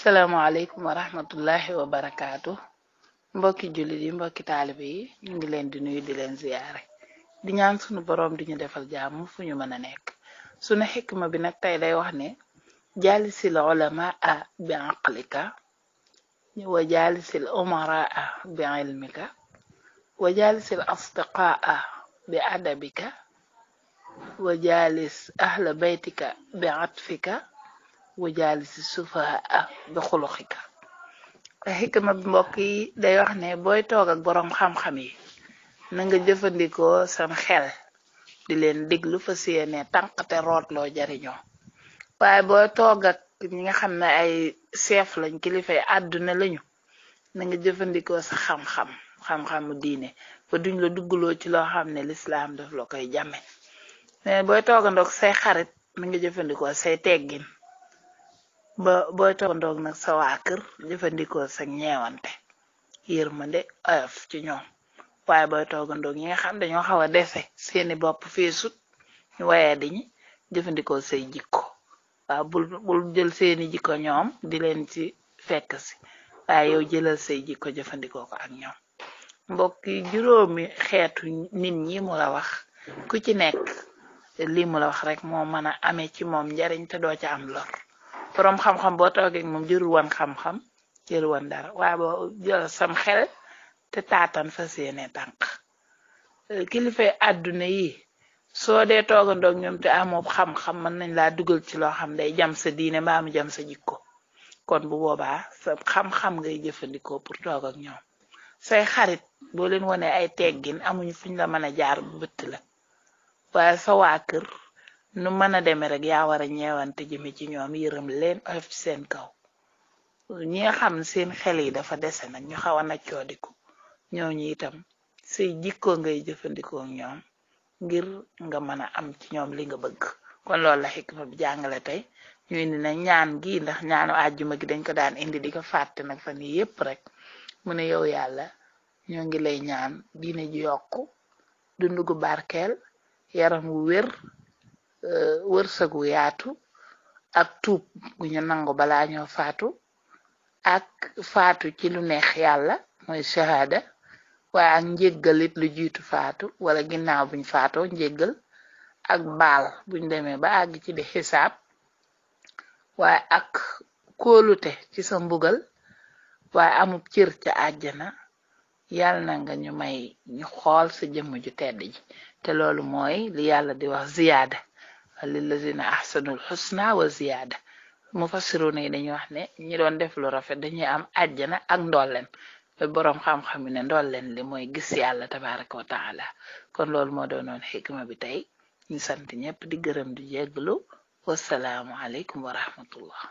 salaamualeykum wa rahmatullahi wa barakaatu mbokki jullit yi mbokki taalibe yi ñu ngi leen di nuyu di leen ziyaare di ñaan sunu boroom di ñu defal jàmm fu ñu mën a nekk sunu xikma bi nag tey day wax ne jaali sil ulama a bi aqlika wa jaali sil umara a bi ilmika wa jaali sil bi adabika wa jaalis ahla baytika bi atfika wajaali ci suufa bi xuluxika te xikma bi mbokk yi day wax ne booy toog ak boroom xam-xam yi na nga jëfandikoo sam xel di leen diglu fa siyene tànq te rootloo jariñoo waaye booy toog ak nga xam ne ay chef lañ kilifay àdduna lañu na nga jëfandikoo sa xam-xam xam-xamu diine fa duñ la duggaloo ci loo xam ne lislaam daf la koy jàmme mais booy toogandoog say xarit na nga jëfandikoo say ba booy toppandoog nag sa waa kër jëfandikoo sa ñeewante yërmande oyof ci ñoom waaye booy toogandoog ñi nga xam dañoo xaw a dese seeni bopp fee sut ñu waye di jëfandikoo say jikko waaw bul jël seeni jikko ñoom di leen ci fekk si waaye yow jëlal say jikko jëfandikoo ko ak ñoom mbokk yi juróomi xeetu nit ñi mu la wax ku ci nekk lii mu la wax rek moo mën a amee ci moom njariñ te doo ca am lor borom xam-xam boo toogee moom jëru woon xam-xam jëru woon dara waaye boo sam xel te taatan fas seene tànk euh, kilifa àdduna yi soo dee toogandoog ñoom te amoo xam-xam mën nañ laa dugal ci loo xam day jam sa diine mbaa jam sa jikko kon bu boobaa sa xam-xam ngay jëfandikoo pour toog ak ñoom say xarit boo leen wonee ay teggin amuñu fuñ la mën a jaar bëtt la waaye nu mëna deme rek yaa wara ñeewante jëme ci ñoom yërëm leen oyof ci seen kaw ñi xam seen xel yi dafa dese nag ñu xawana coodiku ñoo ñu itam say jikko ngay jëfandikoo ñoom ngir nga mën a am ci ñoom li nga bëgg kon loolu la xikma bi jàngale tey ñu indi ñaan gi ndax ñaanu àjjuma gi dañ ko daan indi di ko fàtte nag fan yii yépp rek mu ne yow yàlla ñoo ngi lay ñaan diine yokk yokku dund gu yaram wu Eh, wërsëgu yaatu ak tuub guñu nangu balaa ñoo faatu ak faatu ci lu neex yàlla mooy shahada waaye ak njéggalit lu jiitu faatu wala ginnaaw buñ faatoo njéggal ak baal buñ demee ba àgg ci di xisaab waaye ak kóolute ci sa mbugal waaye amub cir ca àjjana yàlla na nga ñu may ñu xool sa jëmm ju tedd ji te loolu mooy li yàlla di wax ziyaada lillazina ahsanul xusna wa ziyaada mufassiruna yi dañuy wax ne ñi doon def lu rafet dañuy am àjjana ak ndolleen boroom xam-xam yi ndool leen li mooy gis yàlla tabaraka wa taala kon loolu moo doonoon xikma bi tey ñu sant ñëpp di gërëm di jégglu wasalaamu aleykum wa rahmatullah